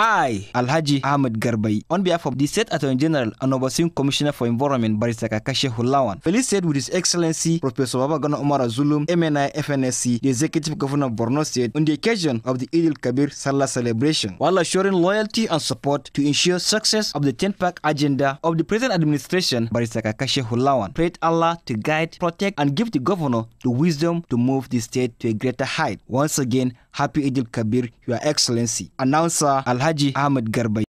I, Alhaji Ahmed Garbai, on behalf of the State Attorney General and Overseeing Commissioner for Environment, Barista Kakashe Hulawan, felicitated with His Excellency Professor Babagana Omar Azulum, MNI FNSC, the Executive Governor of Borno State, on the occasion of the Idil Kabir Salah celebration, while assuring loyalty and support to ensure success of the 10-pack agenda of the present administration, Barista Kakashe Hulawan prayed Allah to guide, protect, and give the governor the wisdom to move the state to a greater height. Once again, Happy Idil Kabir, Your Excellency, announcer Alhaji Ahmad Garba